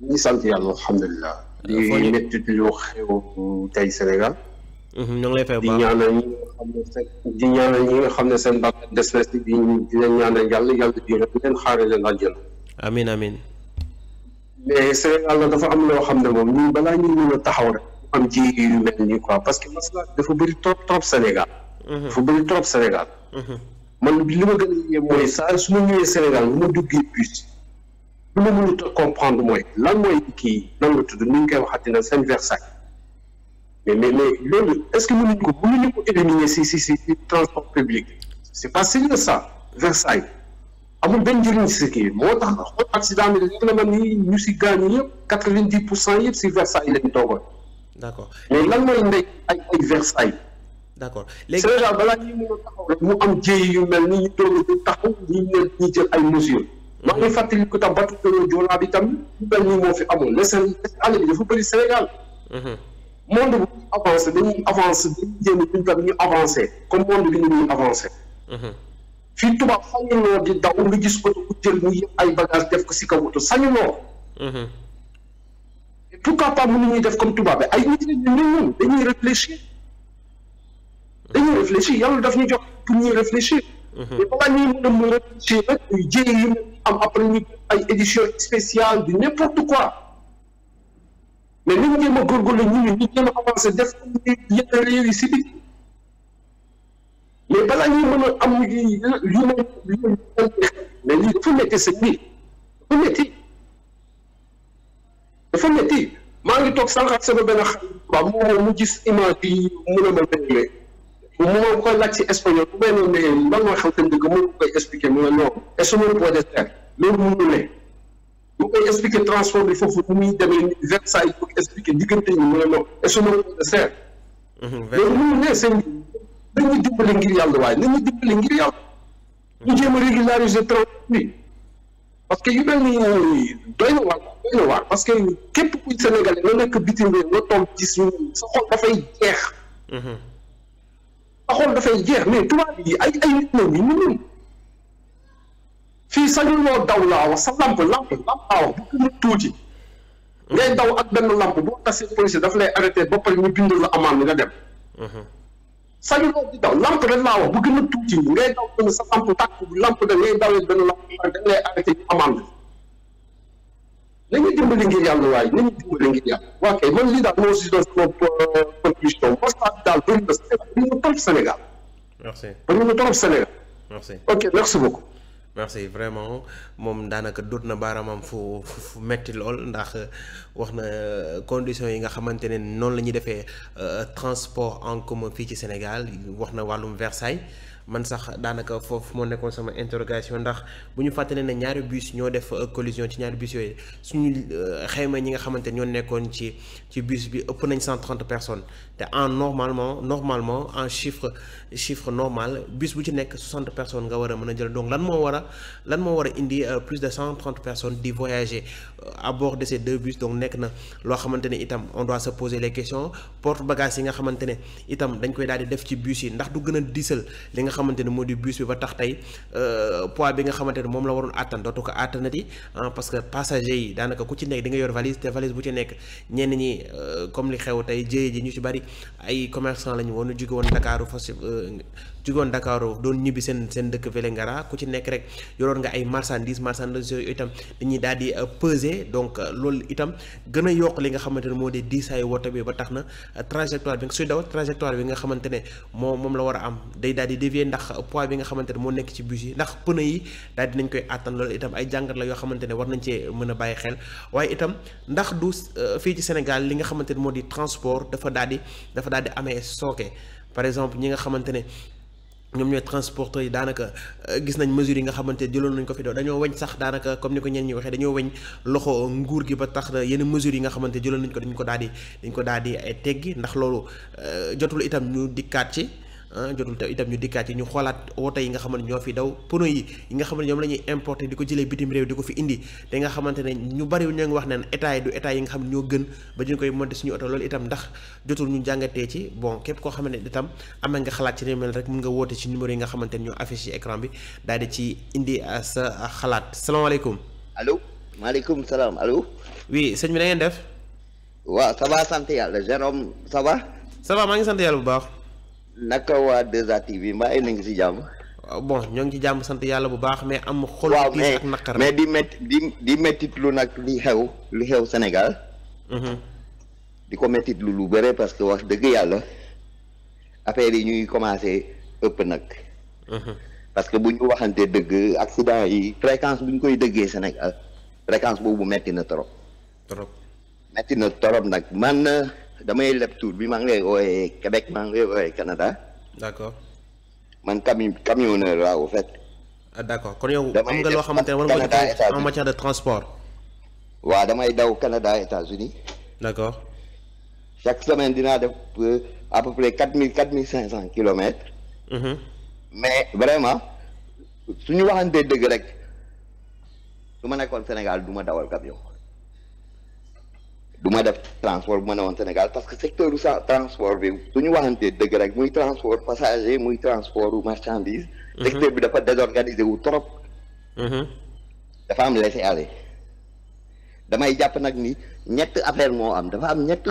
ñi sant yàlla alhamdulilah. di méttit lu xew tey Sénégal. Mhm, ñu ngi lay fay baax di ñaanal ñi nga xam ne seen di ñaanal ñi nga xam ne seen bakkan des na si di di leen ñaanal yàlla yàlla di leen xaare leen aljana. amiin amiin. mais Sénégal la dafa am loo xam ne moom ñun balaa ñuy mën a taxaw rek am ci yu mel nii quoi parce que masla dafa bëri trop trop Sénégal. Mhm. dafa bëri trop Sénégal. Mhm. man li ma gën a yéem mooy saa su ma ñëwee Sénégal lu ma duggee bus. li ma mënut comprendre mooy lan mooy kii nan la tudd ni ñu koy waxati na seen Versailles mais mais mais loolu est-ce que mënuñu ko mënuñu ko éliminer si si si transport public c'est pas sérieux ça Versailles amul benn njëriñ si kii moo tax xool accident bi dañu la mel ñu si gaañu yëpp quatre vingt pour cent yëpp si Versailles lañ toogoon. d'accord mais lan mooy ndey ay ay Versailles. d'accord léegi Sénégal balaa ñuy mën a rek mu am jéey yu mel ni ñu doog a taxaw ñu ne ñu jël ay mesures. maa ngi fàttali ko tam batu joolaa bi tam lu mel nii moo fi amoon ne seen àll bi dafa bëri Sénégal. Mhm. monde bu avancé dañuy avancé dañuy jéem ñun ñu avancé comme monde bi ñu ngi avancé. Mhm. fii tubaab sañuloo di daw gis oto bu jël mu yëpp ay def ko si kaw oto sañuloo. pourquoi mhm. pas mënuñuy def comme tubaab bi ay nit ñi ñun dañuy réfléchir. dañuy réfléchir yàlla daf ñu jox pour ñuy réfléchir. mais balaa ñuy mën a mën a tuuti nag ñu jëlee am après ñu ay édition spéciale du n'importe quoi mais ni ñu jéem a góorgóorlu ñu ñu ñu jéem a avancé réew yi si biir mais balaa ñuy mën a am yu yu yu mais lii dafa métti sëñ bi dafa maa ngi toog sànqal sama benn xarit waaw mu gis image yi mu ne au moment bu koy laaj si espagnol bu benn mais lan mooy xam-xam dëgg moom bu koy expliquer mu ne non est ce que loolu loolu bi foofu bu muy demee Versailles diggante ñi mu ne non est ce que loolu ne seen bi nañu dimbali ngir yàlla waaye nañu dimbali ngir yàlla a régulariser transport bi parce que yu mel ni doy na waar parce que képp ku Sénégalais nga nekk bitim réew nga toog gis sa xol dafay jeex xool dafay jeex mais tubaab yi ay ay nit la mu ñun fii sañuloo daw laa wax sa lamp lamp lamp laa wax bu mu tuuti ngay daw ak benn lamp boo tasee policier daf lay arrêté ba pare ñu bindal la amende nga dem mhm. sañuloo di daw lamp rek laa wax bu gën a tuuti ngay daw benn sa lamp tàkk bu lamp da ngay dawee benn lamp dañ lay arrêté ñu amende nañu dimbali ngir yàlla waaye nañu dimbali ngir yàlla waa kay man lii daal moo si doon sama contribution mostaa bi daal bëri na Sénégal bëri na trop Sénégal merci Sénégal merci ok merci vraiment moom daanaka dut na baaraamam fu fu metti lool ndax euh, wax na euh, conditions yi nga xamante ne noonu la ñuy defee euh, transport en commun fii ci Sénégal wax na wàllum Versailles man sax daanaka foofu moo nekkoon sama interrogation ndax bu ñu fàttalee ne ñaari bus ñoo def euh, collision ci ñaari bus yooyu suñu euh, xayma ñi nga xamante ñoo nekkoon ci ci bus bi ëpp nañ cent trente personnes te en normalement normalement en chiffre chiffre normal bus bu ci nekk soixante personnes nga war a mën a jël donc lan moo war a lan moo war a indi euh, plus de cent trente personnes di voyager à bord de ces deux donc nekk na loo xamante ne itam on doit se poser les questions porte yi nga xamante ne itam dañ koy daal di def ci bus yi ndax du gën a diisal xamante ne moo di bus bi ba tax tey euh, poids bi nga xamante ne moom la warul àttan dootu ko àttanati parce que passager yi daanaka ku ci nekk di nga yor valise te valise bu ci nekk ñenn ñi euh, comme li xew tey jëye ji ñu ci bari ay commercant la ñu woon jóge woon Ndakaaru fas euh, jugoon Ndakaaru doon ñibbi seen seen dëkk Vélingara ku ci nekk rek yoroon nga ay marchandises marchandises yooyu itam dañuy daal di euh, peser donc euh, loolu itam gën a yokk li nga xamante ne moo di diisaayu ba euh, bi suy daw trajectoire bi nga xamante ne moo moom la war a am day daal di bi nga xamante ne moo nekk ci bus yi ndax pneu yi daal dinañ koy àttan loolu itam ay jàngat la yoo xamante ne war nañ cee mën a bàyyi ndax du fii ci Sénégal li nga xamante ne moo di transport dafa daal di dafa daal di amee sooke par exemple ñi nga xamante ñoom ñooy transporteurs yi daanaka euh, gis nañ mesures yi nga xamante jëloon nañ ko fi doo dañoo weñ sax daanaka comme ni ko ñenn ñi waxee dañoo weñ loxo nguur gi ba tax na yenn mesures yi nga xamante jëloon nañ ko dañ ko daal di dañ ko daal di eh, teggi ndax loolu euh, jotul itam ñu dikkaat ci Ah, jotul itam ñu dikkaat yi ñu xoolaat woto yi nga xamante ñoo fi daw pono yi yi nga xamante ñoom la ñuy importé di ko jëlee bitim réew di ko fi indi te nga xamante ne ñu bari ñoo ngi wax naan état yi du état yi nga xam ñoo gën ba ñu jotul ñu jàngatee ci bon képp koo xamante ne itam amee nga xalaat ci li rek mun nga woote ci numéro yi nga xamante ne ñoo affiché ci écran bi daal di ci indi a ah, sa xalaat salaamaaleykum allo maaleykum salaam alo oui sëñ bi na ngeen def waaw ça va yàlla Jérôme ça va ça maa ngi sant yàlla bu baax naka waa 2A TV mbaa yéen a ngi si jàmm. bon ñoo ngi ci jàmm sant yàlla bu baax mais am. xol tiis ak naqar mais di métti di di méttitlu nag li xew lu xew Sénégal. Mhm. di ko méttitlu lu bëre parce que wax dëgg yàlla affaire yi ñuy commencé ëpp nag. Mhm. parce que bu ñu waxantee dëgg accident yi fréquence bu ñu koy dëggee Sénégal fréquence boobu métti na trop. trop na trop nag man. damay leb tour bi maa ngi lay wooyee Québec maa ngi lay wooyee Canada. d'accord. man cami camionneur laa au fait. Ah, d'accord kon yow. am nga loo xamante ne war nga ko en matière de transport. waaw damay daw Canada États-Unis d'accord. chaque semaine dinaa def euh, à peu près quatre mille quatre mille cinq cent kilomètres. Mm-hmm. mais vraiment suñu waxantee dëgg rek su ma nekkoon Sénégal du ma dawal camion. du ma def transport bu ma ne woon Sénégal parce que secteur u transport bi su ñu waxantee dëgg rek muy transport passager muy transport u marchandise mhm. secteur bi dafa désorganisé wu trop mhm. dafa am laisser aller damay jàpp nag ni ñett affaire moo am dafa am ñett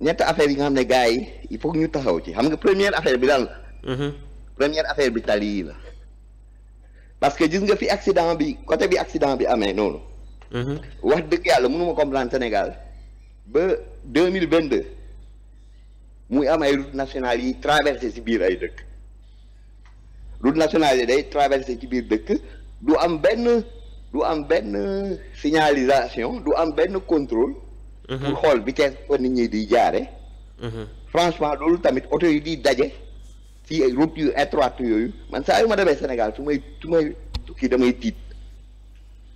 ñett affaire yi nga xam ne gars yi il faut ñu taxaw ci xam nga première affaire bi daal la mhm. première affaire bi tali la parce que gis nga fi accident bi côté bi accident bi amee noonu wax dëgg yàlla mënuma comprendre Sénégal ba deux mille vingt deux muy am ay route nationale yi traversé si biir ay dëkk route nationale yi day traversé ci biir dëkk du am benn du am benn signalisation du am benn contrôle mhm. pour xool vitesse fa nit ñi di jaare mhm. franchement loolu tamit oto yi di daje si route yu étroite yooyu man saa yu ma demee Sénégal su may su may tukki damay tiit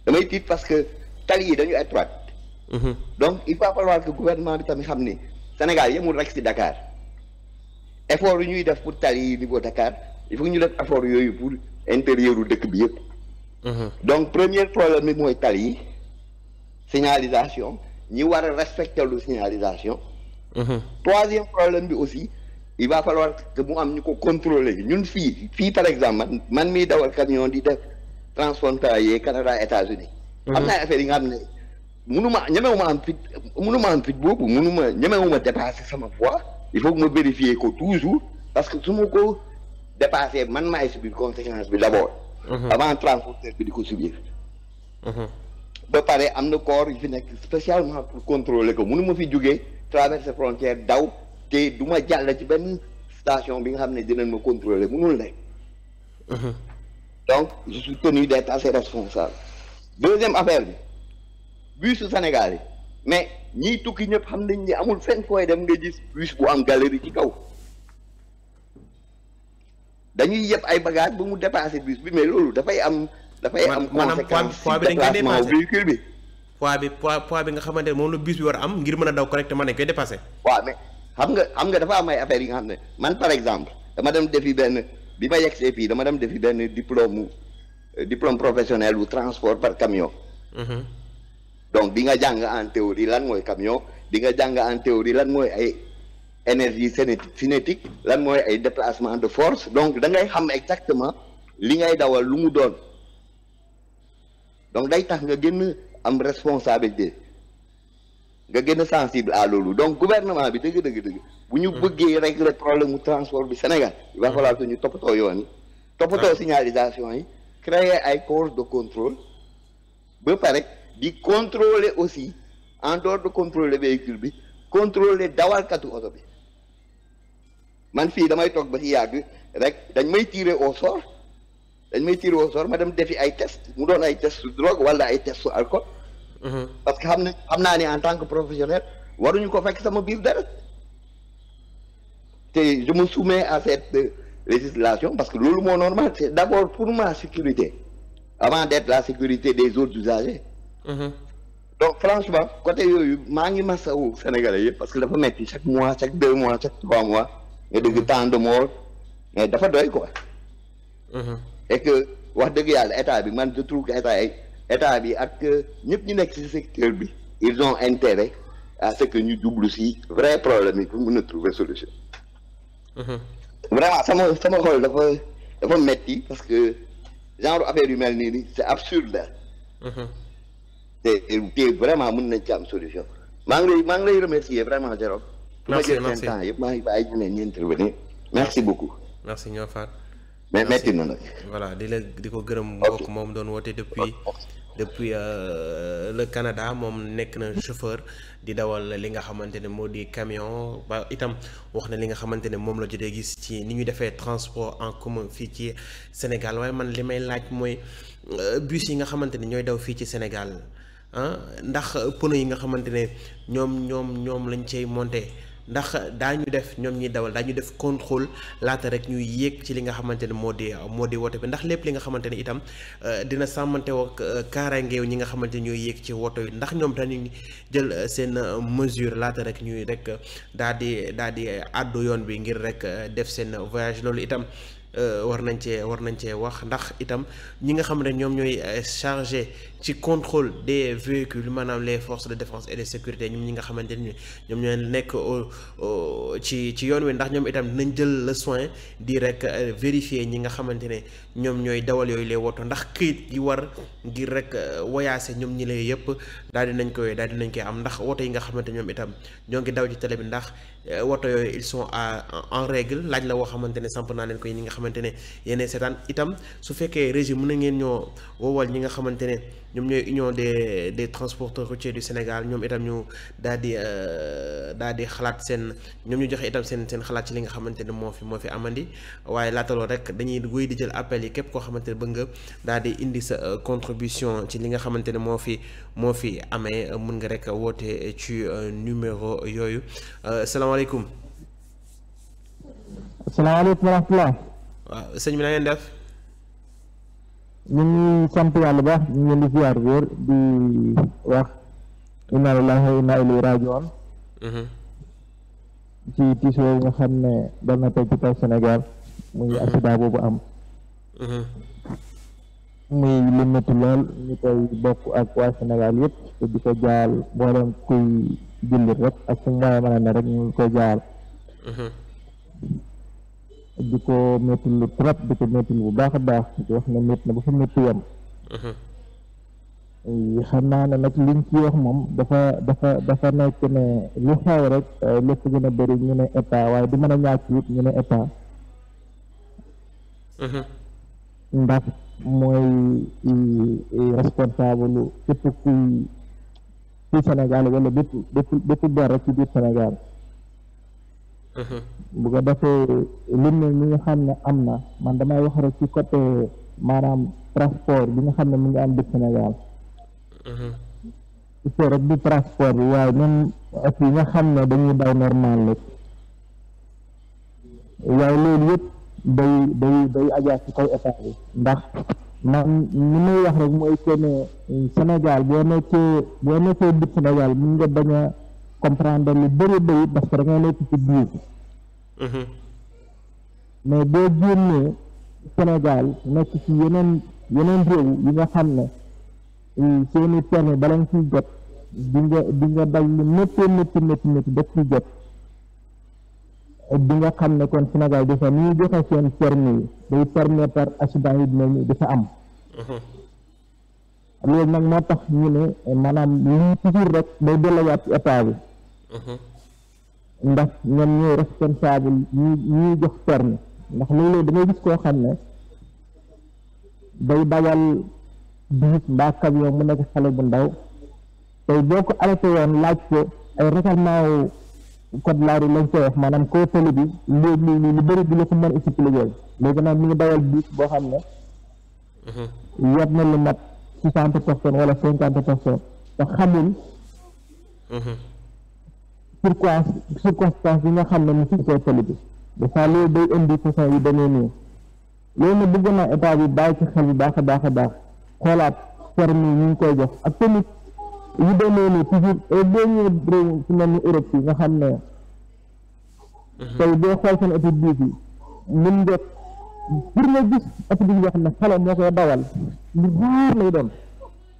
damay tiit parce que tali yi dañu étroite Mm-hmm. donc il va falloir que gouvernement bi i xam ni Sénégal yemul rek si Dakar effort yu ñuy def pour tali yi niveau Dakar il ñu def effort yooyu pour intérieur dëkk bi yëpp mm-hmm. donc premier problème bi mooy tali yi signalisation ñi war a respecter lu signalisation mm-hmm. troisième problème bi aussi il va falloir que mu am ñu ko contrôler ñun fii fii par exemple man man miy dawal camion di def transfrontalier Canada États-Unis am naa affaire yi nga xam ne munuma ñemewuma am fit munuma am fit boobu munuma ñemewuma dépasser sama voix il faut que ma vérifier ko toujours parce que su ma ko dépasser man maay subir conséquence bi d'abord mhm. avant transporteur bi di ko subir mhm. ba pare am na corps yu fi nekk spécialement pour contrôler ko munuma fi jógee traverser frontière daw te du ma jàll ci benn station bi nga xam ne dinañ ma contrôler munul nekk mhm. donc je suis tenu d'être assez responsable deuxième affaire bi bus su Sénégal yi mais ñiy tukki ñëpp xam nañ ni amul fenn fooy dem nga gis bus bu am galerie ci kaw dañuy yëpp ay bagages ba mu dépasser bus bi mais loolu dafay am. dafay am conséquence ci déplacement véhicule bi. poids bi pois poids bi nga xamante ne moom la bus bi war am ngir mën a daw correctement dañ koy dépassé. waaw mais xam nga xam nga dafa am ay affaires yi nga xam ne man par exemple dama dem defi benn bi ma yegsee fii dama dem defi benn diplôme diplôme professionnel bu transport par camion. Mhm. donc di nga jàng en théorie lan mooy camion di nga jàng en théorie lan mooy ay énergie cinétique lan mooy ay déplacement de force donc da ngay xam exactement li ngay dawal lu mu doon donc day tax nga gën am responsabilité nga gën a sensible à loolu donc gouvernement bi dëgg dëgg dëgg bu ñu hmm. bëggee régler problème mu transport bi Sénégal il va hmm. falloir que ñu toppatoo yoon yi toppatoo ah. signalisation yi créer ay corps de contrôle ba pare di contrôler aussi en dehors de contrôler véhicule bi contrôler dawalkatu oto bi man fii damay toog ba ci yàgg rek dañ may tirer au sort dañ may tirer au ma dem defi ay test mu doon ay test su drogue wala ay test su alcool. Mm-hmm. parce que xam na xam naa ne en tant que professionnel waruñu ko fekk sama biir dara te je me soumets à cette euh, législation parce que loolu moo normal c'est d'abord pour ma sécurité avant d'être la sécurité des autres usagers Mm-hmm. donc franchement côté yooyu maa ngi masawu Sénégalais yëpp parce que dafa metti chaque mois chaque deux mois chaque trois mois nga dégg tant de mort mais dafa doy ko mm-hmm. et que wax dëgg yàlla état bi man je trouve que état bi ak euh, ñëpp ñu nekk ci secteur bi ils on intérêt à ce que ñu jublu si vrai problème yi pour mën a trouver solution. Mm-hmm. vraiment sama sama xol dafa dafa metti parce que genre affaire yu mel nii nii c'est absurde. vraiment mën nañ ci am solution maa ngi lay maa ngi lay remercier vraiment Jérôme. merci merci yëpp maa ngi bàyyi ñu ne ñu intervenir merci beaucoup. ñoo faat. mais metti na voilà di la di ko gërëm. mbokk moom doon woote depuis. depuis euh, le Canada moom nekk na chauffeur di dawal li nga xamante ne moo di camion ba itam wax na li nga xamante ne moom la jotee gis ci ni ñu defee transport en commun fii ci Sénégal waaye man li may laaj mooy euh, bus yi nga xamante ne ñooy daw fii ci Sénégal. ah ndax pono yi nga xamante ne ñoom ñoom ñoom lañ ceey monté ndax daañu def ñoom ñuy dawal daañu def contrôle laata rek ñuy yéeg ci li nga xamante ne moo di moo di woto bi ndax lépp li nga xamante ne itam euh, dina sàmmante ak euh, kaaraangeew ñi nga xamante ne ñooy yéeg ci woto yi ndax ñoom dañuy jël seen mesure laata rek ñu rek daal di daal di àddu yoon bi ngir rek euh, def seen voyage loolu itam. Euh, war nañ cee war nañ cee wax ndax itam ñi nga xam ne ñoom ñooy euh, chargé ci contrôle des véhicules maanaam les force de défense et de sécurité ñoom ñi nga xamante ni ñoom ñooy nekk ci ci yoon wi ndax ñoom itam dinañ jël le soin di rek euh, vérifier ñi nga xamante ne ñoom ñooy dawal yooyu lay woto ndax këyit yi war ngir rek woyaase ñoom ñi lay yëpp daal di nañ koy daal di nañ koy am ndax woto yi nga xamante ñoom itam ñoo ngi daw ci télé bi ndax. Euh, woto yooyu ils sont en règle laaj la woo xamante ne samp naa leen ko yi nga xamante ne yéen seetaan itam su fekkee régime mun na ngeen ñoo woowal ñi nga xamante ne ñoom ñooy union de de transporteurs routiers du Sénégal ñoom itam ñu daal di euh, daal di xalaat seen ñoom ñu joxe itam seen seen xalaat ci li nga xamante ne moo fi moo fi amandi waaye laataloo rek dañuy wéy di jël appel yi képp koo xamante ne bëgg nga daal di indi sa euh, contribution ci li nga xamante ne moo fi moo fi amee mën nga rek woote ci numéro yooyu salaamaaleykum asalaamaaleykum. asalaamaaleykum wa rahmatulah. waaw bi na ngeen def. ñu ngi sant yàlla baax ñu ngi di ziar wér di wax inna lillahi wa inna ilayhi rajiun mhm. ci tiis nga xam ne dal na tey ci Sénégal muy mhm. accident boobu am mhm. muy lu lool ñu koy bokk ak waa Sénégal yëpp di ko jaal mboolem kuy jullit rek ak fu mooy mën a ne rek ñu ngi koy jaal mhm. di ko métti lu trop di ko métti lu bu baax a baax di wax ne métti na ba fa métti yam mhm. xam naa ne nag liñ ci wax moom dafa dafa dafa nekk ne lu xew rek lépp gën a bëri ñu ne état waaye du mën a ñàkk it ñu ne état mhm. ndax mooy responsable képp kuy ci Sénégal wala bépp bépp bépp bor rek ci biir Sénégal uh-huh. bu ko defee lim ne xam ne am na man damay wax rek ci côté maanaam transport bi nga xam ne mu ngi am biir Sénégal c'est uh-huh. rek du transport bi waaye même ak yi nga xam ne dañuy daw normal rek waaye loolu yëpp day day day ajaat ci kaw état bi ndax man li may wax rek mooy que ne euh, Sénégal boo nekkee boo nekkee biir Sénégal mun nga bañ a comprendre lu bëri bëri parce que da nga nekk ci biir. Mhm. mais boo génnee Sénégal nekk ci yeneen yeneen réew yi nga xam ne euh, seeni permis bala nga ciy jot di nga di nga dal lu métti métti métti métti daf ciy jot. bi nga xam ne kon Sénégal dafa ni ñuy joxe seen permis yi day permettre accident yi dinañu dafa am mhm. loolu nag moo tax ñu ne maanaam lii toujours rek day delluwaat ci bi mhm. ndax ñoom ñooy responsable ñuy jox permis ndax loolu da gis koo xam ne day dawal biis mbaa camion mu nekk xale bu ndaw tey boo ko arrêté woon laaj ko ay règlement code laari lañ koy wax maanaam koo tëli bi léegi lu bëri di la ko mën expliquer léegi nag mi ngi dawal biis boo xam ne yot mhm. na lu mat soixante personnes wala cinquante personnes te xamul mhm. pourquoi circonstance yi nga xam ne mu si koo tëli bi des fois loolu day indi façon yu demee nii loolu nag bëgg naa état bi bàyyi ci xel bu baax baax baax xoolaat permis yi ñu koy jox ak tamit yu demee ni toujours boo yi nga xam ne mhm. tey boo xool seen étude bii fi mun nga pour nga gis étude yi yoo xam ne xale moo koy dawal lu góor lay doon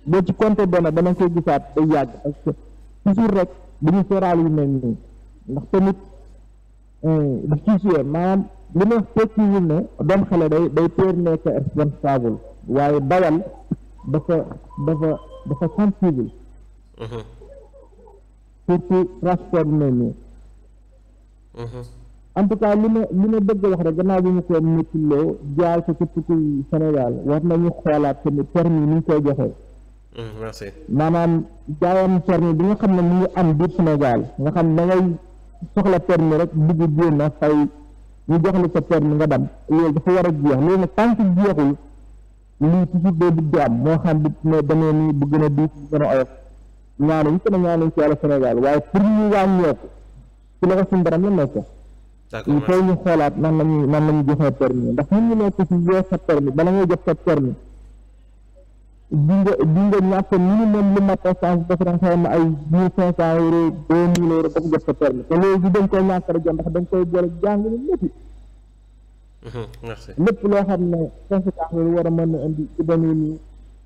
boo ci compté doona dana koy gisaat day yàgg parce que toujours rek dañu sóoraal yu mel nii ndax tamit eh, daf ci suyee maanaam li ma tekkiwul ne doon xale day day teel nekk responsable waaye dawal dafa dafa dafa sensible surtout transport bi mel nii en tout cas ma li ma bëgg wax rek gannaaw bi ñu ko méttiloo jaar ko képp kuy Sénégal war nañu xoolaat tamit permis ni ñu koy joxee mm, merci jaayam permis bi nga xam ne mu ngi am biir Sénégal nga xam da ngay soxla permis rek dugg génn na fay ñu jox sa permis nga dem loolu dafa war a jeex loolu nag tant jeexul lii toujours day bëgg am moo xam bi nii bu gën a bu gën a oyof ñaanu ñu ko ne ñaanuñ ci wàllu Sénégal waaye pour ñu wàññeeku ci la ko suñu borom la nekk. d'accord ñu xoolaat nan la ñuy nan ndax ñun ñu nekk ci joxe sa permis bala ngay jox sa permis di nga di nga ñàkk minimum lu mat essence dafa daan xaw ma ay mille ko jox sa permis te dañ koy ñàkk rek ndax dañ koy boole jàng ñu métti. Mhm, lépp loo xam ne conséquence lu war a mën a indi ci domaine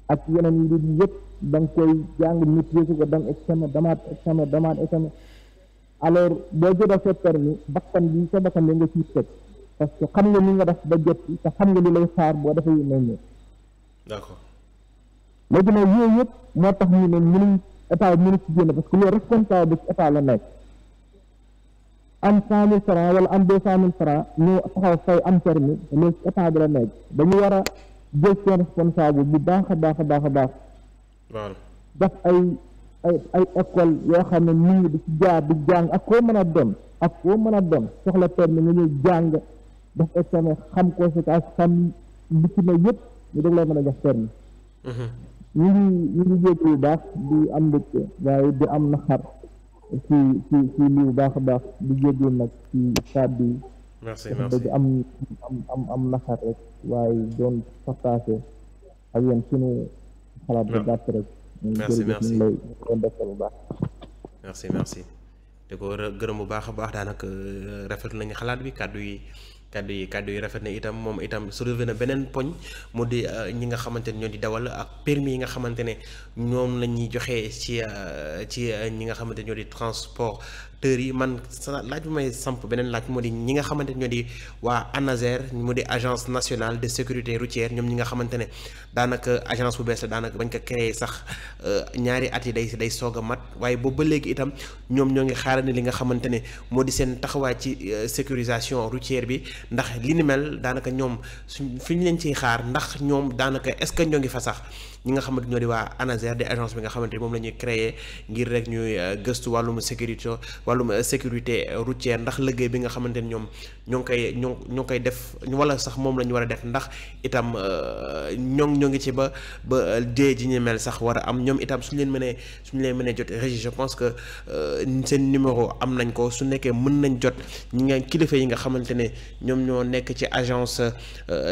ak yeneen yi yëpp. da nga koy jàng maîtriser ko dem examen damaat examen damaat examen alors boo jot a sa permis bakkan bi sa bakkan bi nga ciy teg parce que xam nga ni nga def ba jot te xam nga li lay xaar boo defee yu mel nii. d'accord léegi moo tax ñu ne mënuñ état mënu ci génn parce que loolu responsable ci état la nekk am cent mille francs wala am deux cent mille francs ñu taxaw fay am permis loolu ci état bi nekk dañu war a jël seen responsable bu baax a baax a baax a baax. daf ay ay ay école yoo xam ne nit ñi di ci jaar di jàng ak koo mën a doon mën a doon soxla permis nga ñëw jàng daf examen xam ko si ak xam li ci yëpp ñu dog lay mën a jox permis mhm. ñu ngi ñu ngi jékku bu baax di am mbégte waaye di am naxar ci ci ci lii bu baax a baax di jéggul nag ci kàddu yi merci merci dëgg am am am naxar rek waaye doon partage ak yéen suñu xalaat bu gàtt rek. merci merci ñu merci merci di ko gërëm bu baax a baax daanaka euh, rafet nañu xalaat bi kàddu yi. kaddu yi kàddu yi rafet na itam moom itam soulevé na beneen poñ mu di euh, ñi nga xamante ne ñoo di dawal ak permis yi nga xamante ne ñoom la ñuy joxe ci euh, ci euh, ñi nga xamante ñoo di transporteurs yi man laaj bu may samp beneen laaj moo di ñi nga xamante ñoo di waa ANASER mu di agence nationale de sécurité routière ñoom ñi nga xamante ne daanaka agence bu bees la daanaka bañ ko créé sax ñaari at yi day day soog a mat waaye boobu ba léegi itam ñoom ñoo ngi xaarandi li nga xamante ne moo di seen taxawaay ci sécurisation routière bi. ndax li mel daanaka ñoom suñ fi ñu leen ciy xaar ndax ñoom daanaka est-ce que ñoo ngi fa sax ñi nga xamante ñoo di waa ANASER di agence bi nga xamante moom la ñuy créer ngir rek ñuy euh, gëstu wàllum sécurité wàllum euh, sécurité routière ndax liggéey bi nga xamante ne ñoom ñoo ngi koy ñoo ñoo koy def wala sax moom la ñu war a def ndax itam euh, ñoo ñoo ngi ci ba ba dee ji ñu mel sax war a am ñoom itam suñu leen mënee suñu leen mënee jot régie je pense que seen numéro am nañ ko su nekkee mën nañ jot ñi nga kilifa yi nga xamante ne ñoom ñoo nekk ci agence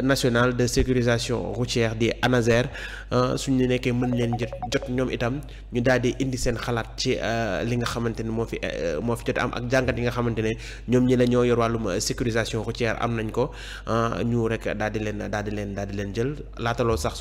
nationale de sécurisation routière di ANASER suñu nekkee mën leen jot jot ñoom itam ñu daal di indi seen xalaat ci euh, li nga xamante ne moo fi euh, moo fi jot am ak jàngat yi nga xamante ne ñoom ñi la ñoo yor wàllum euh, sécurisation routière am nañ ko ñu rek daal di leen daal di leen daal di leen jël laataloo sax